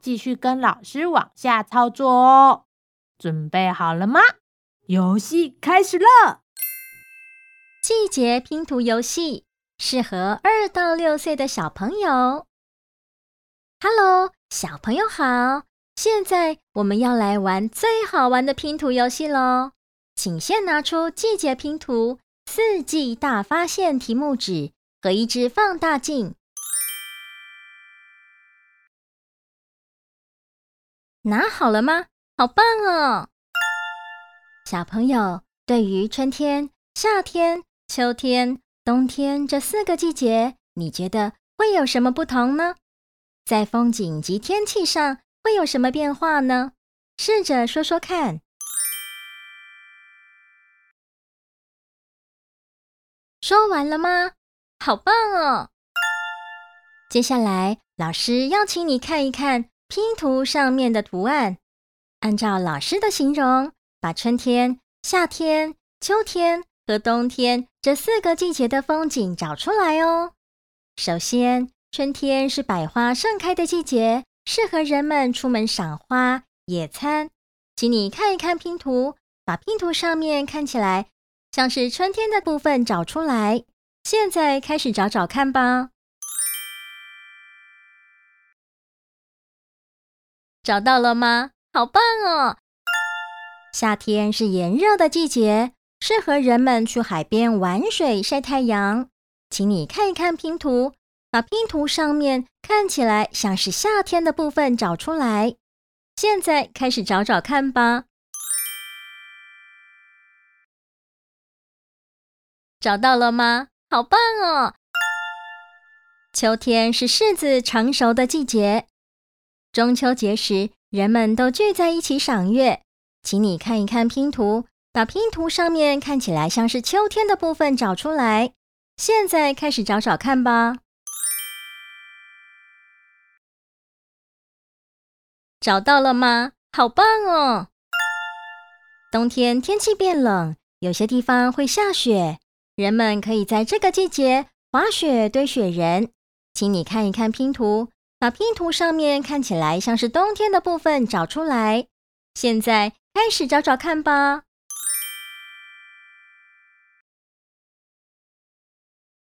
繼續跟老師往下操作哦，準備好了嗎？遊戲開始了！季節拼圖遊戲適合二到六歲的小朋友。Hello，小朋友好，現在我們要來玩最好玩的拼圖遊戲嘍，請先拿出季節拼圖《四季大發現》題目紙和一支放大鏡。拿好了嗎？好棒哦！小朋友，對於春天、夏天、秋天、冬天這四個季節，你覺得會有什麼不同呢？在風景及天氣上會有什麼變化呢？試着說說看。說完了嗎？好棒哦！接下來，老師邀請你看一看。拼圖上面的圖案，按照老師的形容，把春天、夏天、秋天和冬天這四個季節的風景找出來哦。首先，春天是百花盛開的季節，適合人們出門賞花、野餐。請你看一看拼圖，把拼圖上面看起來像是春天的部分找出來。現在開始找找看吧。找到了嗎？好棒哦！夏天是炎熱的季節，適合人們去海邊玩水、曬太陽。請你看一看拼圖，把拼圖上面看起來像是夏天的部分找出來。現在開始找找看吧。找到了嗎？好棒哦！秋天是柿子成熟的季節。中秋節時，人們都聚在一起賞月。請你看一看拼圖，把拼圖上面看起來像是秋天的部分找出來。現在開始找找看吧。找到了嗎？好棒哦！冬天天氣變冷，有些地方會下雪，人們可以在這個季節滑雪堆雪人。請你看一看拼圖。把拼圖上面看起來像是冬天的部分找出來。現在開始找找看吧。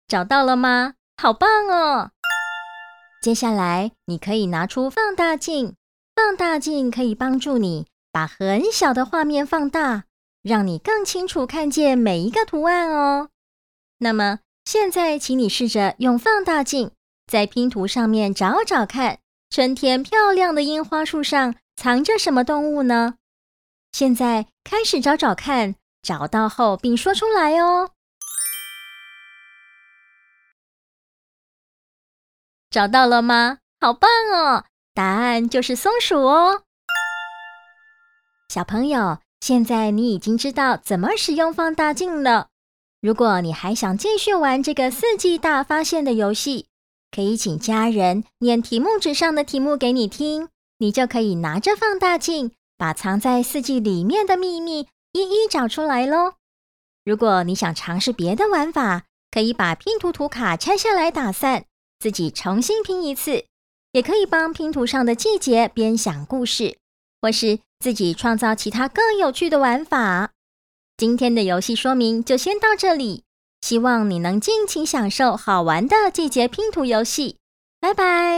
找到了嗎？好棒哦！接下來你可以拿出放大鏡，放大鏡可以幫助你把很小的畫面放大，讓你更清楚看見每一個圖案哦。那麼現在，請你試着用放大鏡。在拼圖上面找找看，春天漂亮的櫻花樹上藏着什麼動物呢？現在開始找找看，找到後並說出來哦。找到了嗎？好棒哦！答案就是松鼠哦。小朋友，現在你已經知道怎麼使用放大鏡了。如果你還想繼續玩這個四季大發現的遊戲，可以請家人念題目紙上的題目給你聽，你就可以拿着放大鏡，把藏在四季裡面的秘密一一找出來咯。如果你想嘗試別的玩法，可以把拼圖圖卡拆下來打散，自己重新拼一次，也可以幫拼圖上的季節編想故事，或是自己創造其他更有趣的玩法。今天的遊戲說明就先到這裡。希望你能盡情享受好玩的季節拼圖遊戲，拜拜。